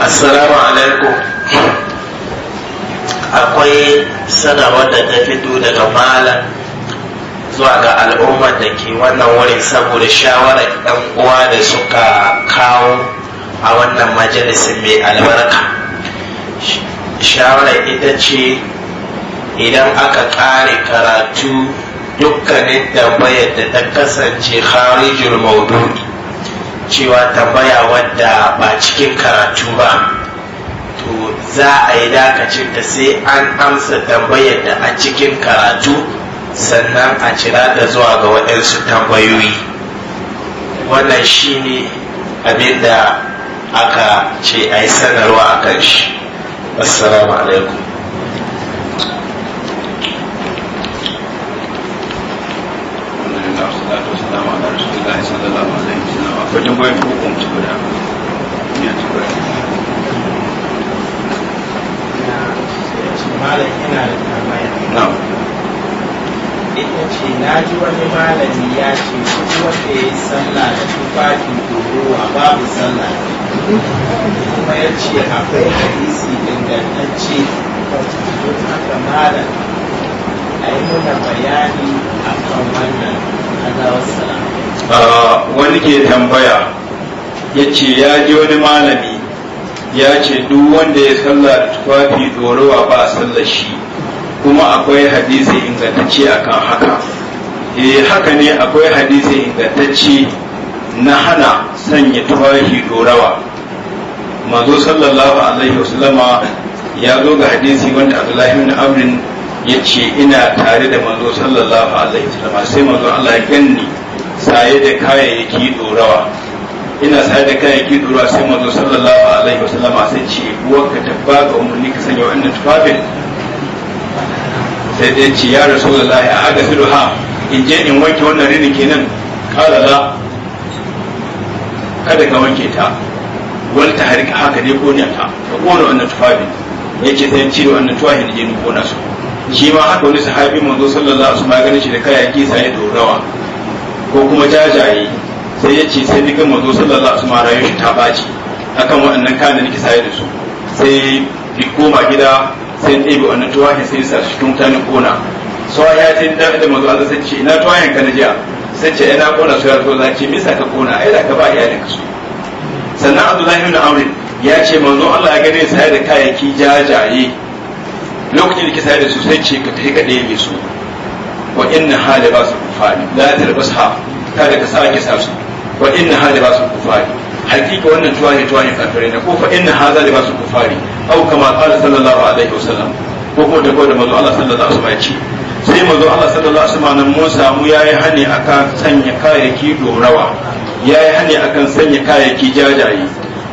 assalamu alaikum akwai sanarwar da ta fito daga malam zuwa ga al'ummar da ke wannan wurin saboda shawarar ɗan uwa da suka kawo a wannan majalisin mai albarka shawarar ita ce idan aka ƙare karatu dukkanin tambayar da ta kasance harijin maudu'i cewa tambaya wadda ba cikin karatu ba to za a yi dakacin da sai an amsa tambayar da a cikin karatu sannan a cira da zuwa ga waɗansu tambayoyi wannan shi ne abinda aka ce a yi sanarwa a kan shi assalamu alaikum Não. yana da na ji wani malami ya ce duk wanda ya yi sallah da tufafin dorowa babu sallah kuma ya ce akwai hadisi ingantacce don haka malam a yi mana bayani a kan wannan. Allah wasu wani ke tambaya ya ce ya ji wani malami ya ce duk wanda ya salla da tufafi dorowa ba a sallar shi kuma akwai hadisi ingantacce akan haka e haka ne akwai hadisi ingantacce na hana sanya tufafi dorawa mazo sallallahu alaihi wasallama ya zo ga hadisi wanda abdullahi bin amrin ya ce ina tare da mazo sallallahu alaihi wasallama sai mazo Allah ya ganni saye da kayayyaki dorawa ina saye da kayayyaki dorawa sai manzo sallallahu alaihi wasallama sai ce uwarka tabba ga umarni ka sanya wannan tufafin sai dai ce ya rasulullahi a aga ha in je in wanke wannan rini kenan kala la kada ka wanke ta wani ta harika haka ne ko ta ka kona wannan tufafin yake sai cire wannan tufafin da je ni kona su shi ma haka wani sahabi manzo sallallahu alaihi wasallam ya ganin shi da kayayyaki da dorawa ko kuma jajaye sai ya ce sai ni ga manzo sallallahu alaihi wasallam rayuwar ta baci akan waɗannan kayan da nake saye da su sai bi koma gida sai ni ɗebe wannan tuwahin sai sa shi tun ta ni kona so ya ce da da mazo Allah sai ce ina tuwahin ka na jiya sai ce ina kona su ya zo za ce misa ka kona ai da ka ba iyalin ka su sannan Abdullahi ibn Amr ya ce manzo Allah ya gane sai da kayayyaki jajaye lokacin da kisa da su sai ce ka tafi ka ɗebe su inna hali ba su kufari ka sa su wa inna hali kufari wannan na inna ko sai Allah sallallahu alaihi wasallam mun samu yayi hani akan sanya kayayyaki dorawa yayi hani akan sanya kayayyaki jajaye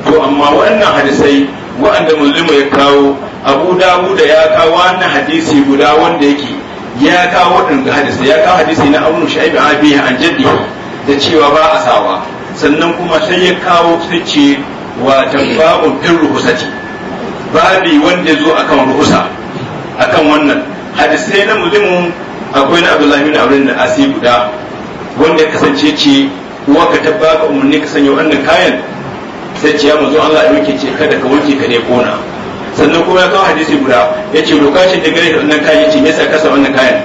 to amma wannan hadisai wa'anda muslimu ya kawo Abu Dawud ya kawo wannan hadisi guda wanda yake ya kawo waɗanda hadisi ya kawo hadisi na abu shaibi abi an jaddi da cewa ba a sawa sannan kuma sai ya kawo sai wa tabba'un fil ruhusati babi wanda zo akan ruhusa akan wannan hadisai na mulimin akwai na abdullahi bin abdul da asi guda wanda kasance ce uwa ka tabba ka umarni ka sanya wannan kayan sai ce ya mazo Allah ya wuce ce kada ka wuce ka ne kona sannan kuma ya kawo hadisi guda ya ce lokacin da gare da wannan kayan ce yasa kasa wannan kayan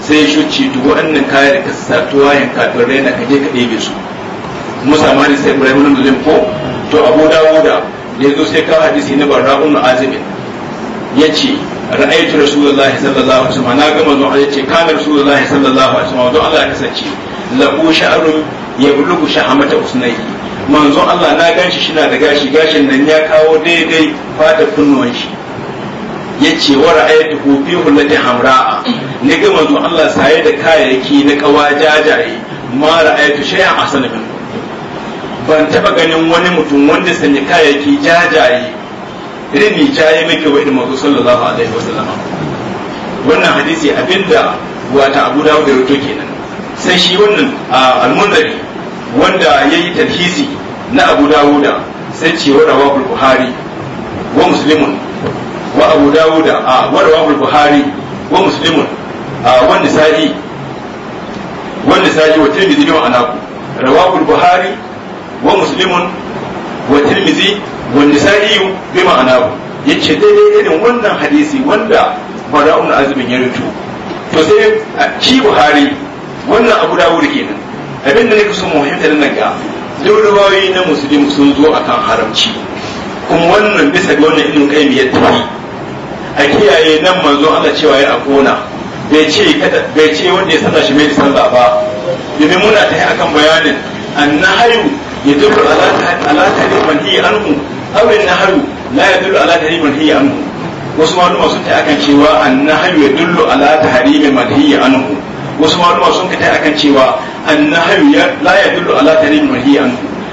sai shi ce duk wannan kayan da ka sa tuwayen kafin raina ka je ka ɗebe su musa ma ne sai ibrahim nan zai ko to abu dawuda da zo sai kawo hadisi na barra ibn azib ya ce da rasulullahi sallallahu alaihi wasallam na ga manzo ya ce kana rasulullahi sallallahu alaihi wasallam don Allah ya kasance lahu sha'run yablugu sha'amata usnayhi manzon Allah na ganshi shi na da gashi gashin nan ya kawo daidai fata kunnuwan shi ya ce wa ra'ayatu hu fi hulati hamra'a ne ga manzon Allah saye da kayayyaki na kawa jajaye ma ra'ayatu shay'an asana ban taba ganin wani mutum wanda sanya kayayyaki jajaye rini jaye miki wa ilmu sallallahu alaihi wasallam wannan hadisi abinda wata Abu Dawud da rawaito kenan sai shi wannan ah, al wanda ya yi tarhisi na abu dawuda sai ce wa rawahul buhari wa muslimun wa abu dawuda a wa rawahul buhari wa muslimun a wa sa'i wa nisa'i wa tirmidhi wa anaku rawahul buhari wa muslimun wa tirmidhi wa nisa'i bi ku yace daidai irin wannan hadisi wanda bara'un azumin ya rutu to sai ki buhari wannan abu dawuda kenan abin da nake so mu fahimta nan ga dawlawawi na musulmi sun zo akan haramci kuma wannan bisa ga wannan ibn qayyim ya tafi a kiyaye nan manzo Allah cewa ya akona bai ce kada bai ce wanda ya sanna shi mai sallah ba domin muna ta akan bayanin annahayu yadullu ala ala tariman hi anhu aw annahayu la yadullu ala tariman hi anhu wasu maluma sun ta akan cewa annahayu yadullu ala tahrimin hi anhu wasu maluma sun ta akan cewa annahu la yadullu ala tarim mahiyan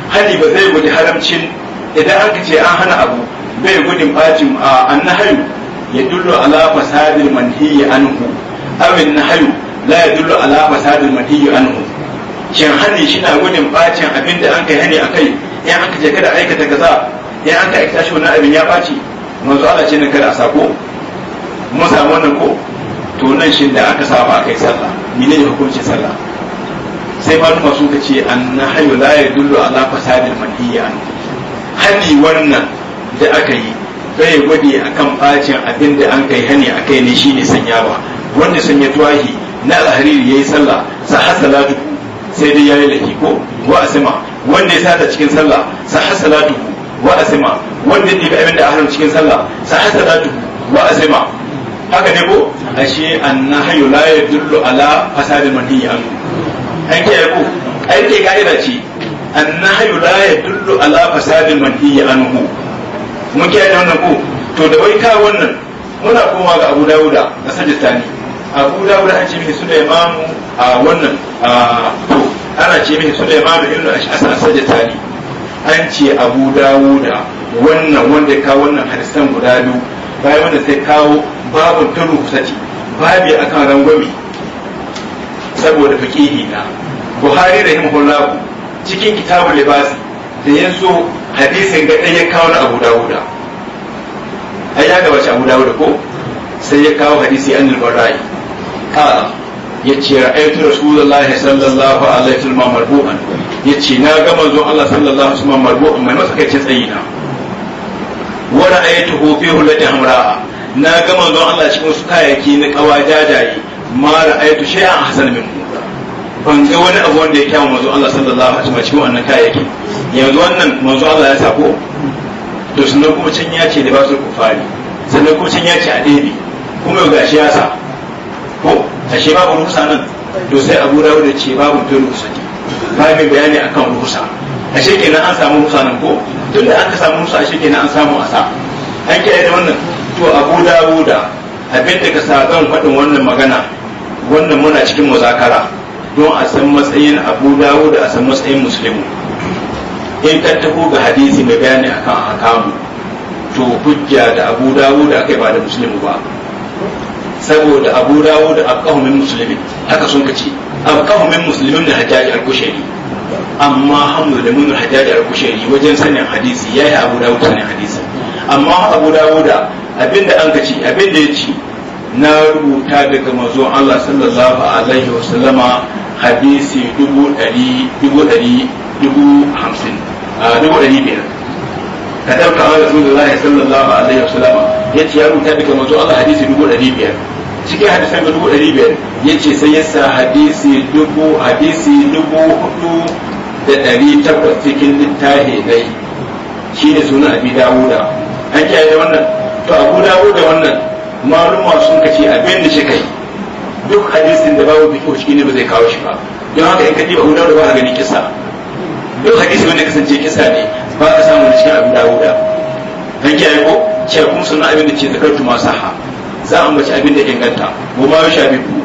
hali ba zai gudu haramcin idan aka ce an hana abu bai gudun bacin annahu yadullu ala fasadil manhiyi anhu aw annahu la yadullu ala fasadil manhiyi anhu shin hani shi na gudun bacin abin an kai hani akai in aka ce kada aikata kaza in aka aikata shi wannan abin ya baci manzo Allah ce ne kada a sako mu wannan ko to nan da saba sallah menene hukuncin sallah sai ma sun ka ce an na hayo la ya dullu ala fasadin maniyya hani wannan da aka yi bai gwadi akan bacin abin da an kai hani a kai ne shine sanyawa wanda sanya tuwahi na alhariri yayi sallah sa hasalatu sai dai yayi lahi ko wa asima wanda ya sata cikin sallah sa hasalatu wa asima wanda ya ɗibi abin da cikin sallah sa hasalatu wa asima haka ne ko ashe an na hayo la ya dullu ala fasadin maniyya an kiyaye ku ai ke ka'ida ce annahyu la yadullu ala fasadin manhiyi anhu mun kiyaye wannan ku to da wai ka wannan muna koma ga Abu Dawuda da Sajistani Abu Dawuda an ce mishi su da imamu a wannan to ana ce mishi su da imamu ibn Sajistani an ce Abu Dawuda wannan wanda ka wannan hadisan guda biyu bayan wanda sai kawo babu turu kusaci babu akan rangwami saboda fakihi na buhari da hulaku cikin kitabul libasi da so hadisin ga ɗaya kawo na abu dawuda ai ya gabace abu dawuda ko sai ya kawo hadisi an al-barai kala ya ce ra'aytu rasulullahi sallallahu alaihi wasallam marbu'an ya ce na ga manzo Allah sallallahu alaihi wasallam marbu'an mai masakaicin tsayi na wa ra'aytuhu fi hulati hamra'a na ga manzo Allah cikin su kayaki na kawa jajaye ma ra'aytu shay'an min minhu ban ga wani abu wanda ya kyamu mazu Allah sallallahu alaihi wasallam cikin wannan kayayyaki yanzu wannan mazu Allah ya sako to sannan kuma can ya ce da ba su kufari sannan kuma can ya ce a ɗebe kuma yau gashi ya sa ko a shi babu rusa nan to sai Abu rawu da ce babu to ne ba mai bayani akan rusa a shi kenan an samu rusa nan ko tun da aka samu rusa a sheke kenan an samu asa an kiyaye da wannan to Abu da abin da ka sa zan faɗin wannan magana wannan muna cikin muzakara don a san matsayin abu dawo da a san matsayin musulmi in ka taho ga hadisi mai bayani akan akamu to hujja da abu dawo da aka yi ba da musulmi ba saboda abu dawo da abkahumin musulmin haka sun kace abkahumin musulmin da hajjaji al-kushari amma hamdu da munul hajjaji al-kushari wajen sanin hadisi yayi abu dawo sanin hadisi amma abu dawo da abinda an kace abinda ya ci na rubuta daga mazon Allah sallallahu alaihi wasallama hadisi dubu ɗari dubu ɗari dubu hamsin dubu ɗari biyar ka tabka wa rasulullah sallallahu alaihi wasallam ya ce ya rubuta daga manzo Allah hadisi dubu ɗari biyar cikin hadisan ga dubu ɗari biyar ya ce sai ya sa hadisi dubu hadisi dubu hudu da ɗari takwas cikin littafi dai shi ne suna abi dawuda an kiyaye wannan to abu dawuda wannan maluma sun kace abin da shi kai duk hadisin da babu biki shi ne ba zai kawo shi ba don haka in ka diba hudu da ba a gani kisa duk hadisi wanda kasance kisa ne ba ka samu da cikin abin guda. dan kiyaye ko ce kuma suna abin da ce zakar tuma saha za a mace abin da inganta mu ma yusha bi ku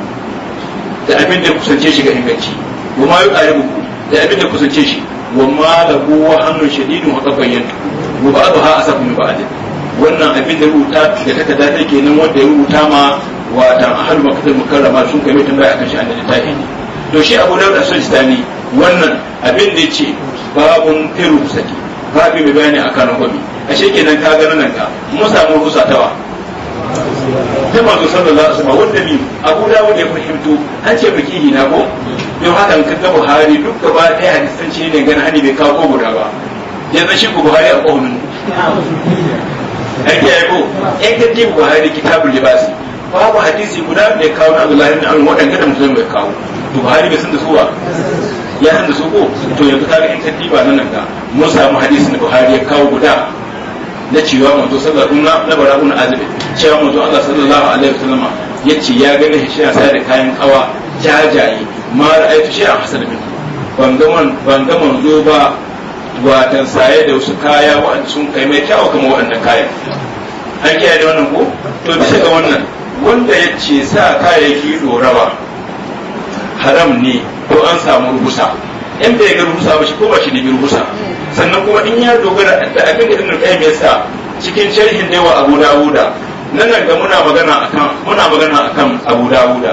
da abin da kusance shi ga inganci mu ma yi ƙari ku da abin da kusance shi wa ma da kowa hannun shadidin haka bayyanta mu ba ha a sabu mu ba wannan abin da rubuta da takarda take nan wanda ya rubuta ma wata har makatar mukarrama sun kai mutum bai akan annabi ta ne to shi abu dauda sun islami wannan abin da ce babun firu saki babu mai bayani akan rahobi a shekenan ka gana nan ka mun samu rusa tawa ta manzo sallallahu alaihi wasallam wanda mi abu dawud ya fahimto an ce biki na ko yau haka in kaga buhari duk gaba daya hadisan ce ne gani hani bai kawo ko guda ba yanzu shi ku buhari a kaunin ake yabo in ka ji buhari kitabun libasi babu hadisi guda da ya kawo na Abdullahi ibn Amr waɗanda da musulmi bai kawo to Buhari bai san da su ba ya san da su ko to yanzu ga in ba nan ga mun samu hadisin da Buhari ya kawo guda na cewa manzo sallallahu alaihi na bara ibn azib cewa manzo Allah sallallahu alaihi wasallam yace ya gani shi ya sai da kayan kawa jajaye ma ra'aytu a hasan bin ban ga man ban ga manzo ba watan saye da wasu kaya wa'anda sun kai mai kyawu kamar wa'anda kayan an kiyaye da wannan ko to bisa ga wannan wanda ya ce sa kayayyaki dorawa haram ne ko an samu rubusa in bai ga rubusa ba shi ko ba shi ne rubusa sannan kuma in ya dogara da abin da ibn qayyim ya sa cikin sharhin da wa abu dawuda nan nan ga muna magana akan muna magana akan abu dawuda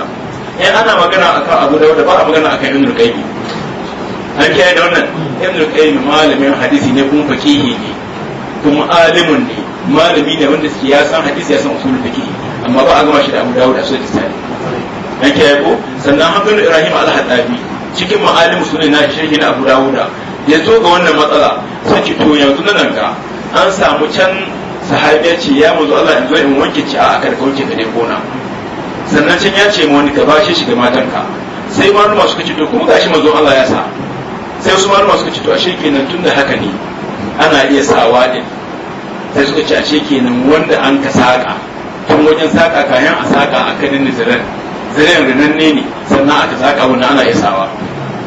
in ana magana akan abu dawuda ba a magana akan ibn qayyim an kiyaye da wannan ibn qayyim malamin hadisi ne kuma fakihi ne kuma alimun ne malami ne wanda ya san hadisi ya san usulul fiqh amma ba a gama shi da abu dawud a da tsari dan ke ko sannan hakan ibrahim al-hadabi cikin ma'alim sunan na shehi na abu da ya zo ga wannan matsala sai ki to yanzu nan ga an samu can sahabiya ce ya mazu Allah in zo in wanke ci a aka kauce ka ne gona sannan can ya ce ma wani ka bashe shi ga matanka sai malama suka ci to kuma gashi mazo Allah ya sa sai wasu malama suka ci to ashe kenan tunda haka ne ana iya sawa din sai suka ci ashe kenan wanda an ka saka tun wajen saka kayan a saƙa a kanin zirar zirin rinanne ne sannan aka saƙa wannan ana isawa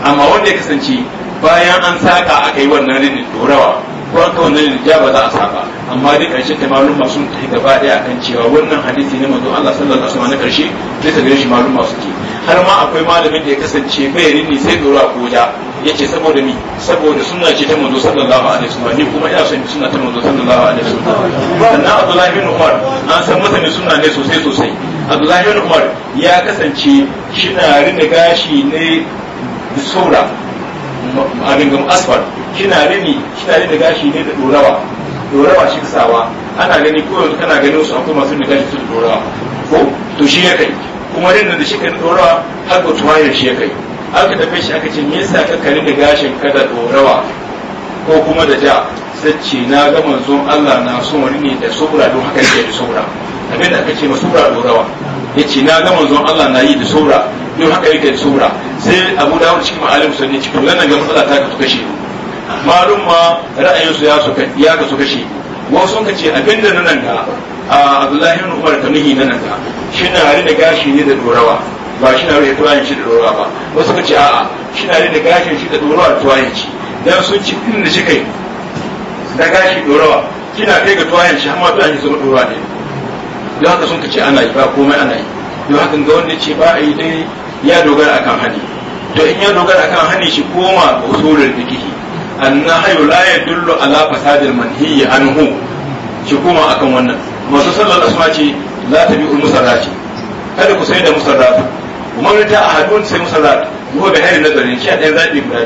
amma wanda ya kasance bayan an saƙa aka yi wannan rinin dorawa ko aka wannan rinin ba za a saƙa amma duk ƙarshen ta malum masu ta gaba ɗaya akan cewa wannan hadisi ne manzo Allah sallallahu alaihi wasallam na ƙarshe bisa gare shi malum masu ke har ma akwai malamin da ya kasance bai rini sai dora ko ja yace saboda ni saboda suna ce ta manzo sallallahu alaihi wasallam ni kuma ina son suna ta manzo sallallahu alaihi wasallam sannan abdullahi bin umar an san masa ne suna ne sosai sosai abdullahi bin umar ya kasance shi na rinda gashi ne saura abin gam asfar kina rini kina rini gashi ne da dorawa dorawa shi kasawa ana gani ko kana ganin su akwai masu rini gashi su dorawa ko to shi ya kai kuma rinda da shi ka dorawa har ba tuwayar shi ya kai aka tafi shi aka ce me yasa ka kare da gashin ka da dorawa ko kuma da ja Sacce na ga manzon Allah na so wani ne da sobra don haka yake da sobra abin da aka ce sobra dorawa yace na ga manzon Allah na yi da sobra don haka yake da sobra sai Abu Dawud cikin ma'alim sunni cikin wannan ga matsala ta ka kashe malum ma ra'ayinsu ya suka ya ka suka kashe wasu sun ce abin da nan ga abdullahi ibn umar ta nuhi nan ka shi na da gashi ne da dorawa ba shi na da tuwayin shi da dorawa ba wasu ka ce a'a shi na da gashin shi da dorawa da tuwayin shi dan sun ci din da shi kai da gashi dorawa kina kai ga tuwayin shi amma tuwayin shi zama dorawa ne don haka sun ka ce ana yi ba komai ana yi don haka ga wanda ce ba a yi dai ya dogara akan hani, to in ya dogara akan hani shi koma ga usulul fiqh annahu la yadullu ala fasadil manhiyi anhu shi koma akan wannan masu sallar asma ce za ta musarra ce kada ku sai da musarratu kuma wani ta wani sai musarra ko da hayar nazarin shi a za zaɓi guda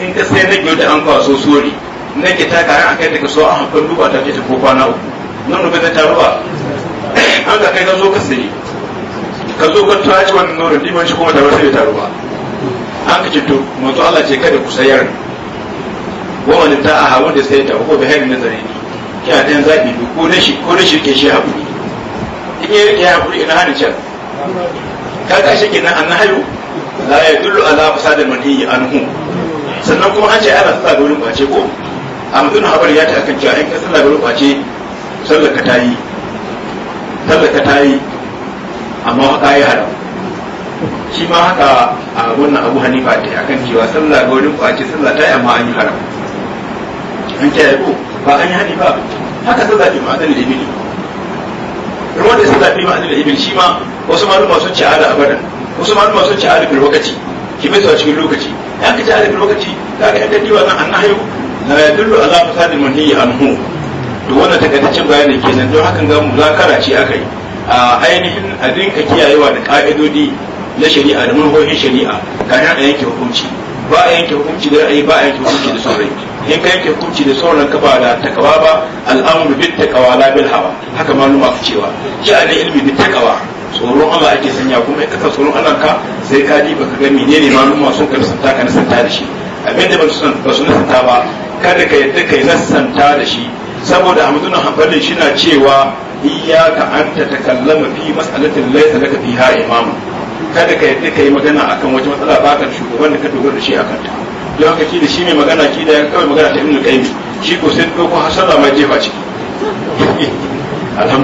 in ka sai na biyu da an kwaso sori na ke ta kayan a kai daga so a hankali duba ta ce ta ko kwana uku nan rubuta ta ruba an ka kai ka zo ka sayi ka zo ka tura ci wannan norin liman shi kuma da wasu ta ruba an ka cito manzo Allah ce kada ku sayar wani man ta aha wanda sai ta ko da hayar nazarin ya zaɓi biyu ko na shi ko na shi ke shi a haƙuri in yi rike haƙuri ina hannun can ka ga shi kenan an hayo la ya dullu ala fasadil an anhu sannan kuma an ce ana sallah ga wurin kwace ko a mutum habar ya ta kan cewa in ka sallah ga kwace sallar ka tayi sallar ka tayi amma haka yi haram shi ma haka a wannan abu hanifa ta yi akan cewa sallah ga wurin kwace sallah ta yi amma an yi haram an ta yi ko ba an yi hani ba haka ta zaɓi ma'adar ibil ruwan da ta zaɓi ma'adar ibil shi ma wasu maluma sun ci ala abadan wasu maluma sun ci ala bil lokaci ki bai zuwa cikin lokaci ya ka ci ala bil lokaci za ka yanka diwa nan annahayu la yadullu ala fasadil manhiyi anhu to wannan takaitaccen bayanin kenan don hakan ga muzakara ce aka yi a ainihin a dinka kiyayewa da ka'idodi na shari'a da manufofin shari'a kafin a yanke hukunci ba a yanke hukunci da ra'ayi ba a yanke hukunci da son in ka yanke kuci da sauran ka ba da takawa ba al'amru bit takawa la bil hawa haka maluma su cewa ya ilmi bit takawa tsoron Allah ake sanya kuma kasa tsoron Allah ka sai ka ji baka ga menene maluma sun ka nisanta ka nisanta da shi abin da ba su nisanta ba kada ka yadda kai nisanta da shi saboda na hanbalin shi na cewa iyyaka an ta takallama fi mas'alatin laysa laka fiha imamu kada ka yadda kai magana akan wata matsala ba ka shugaban da ka dogara da shi akan ta don haka da shi mai magana ki da kawai magana ta ibnu qayyim shi ko sai ko hasara mai jefa ciki alhamdulillah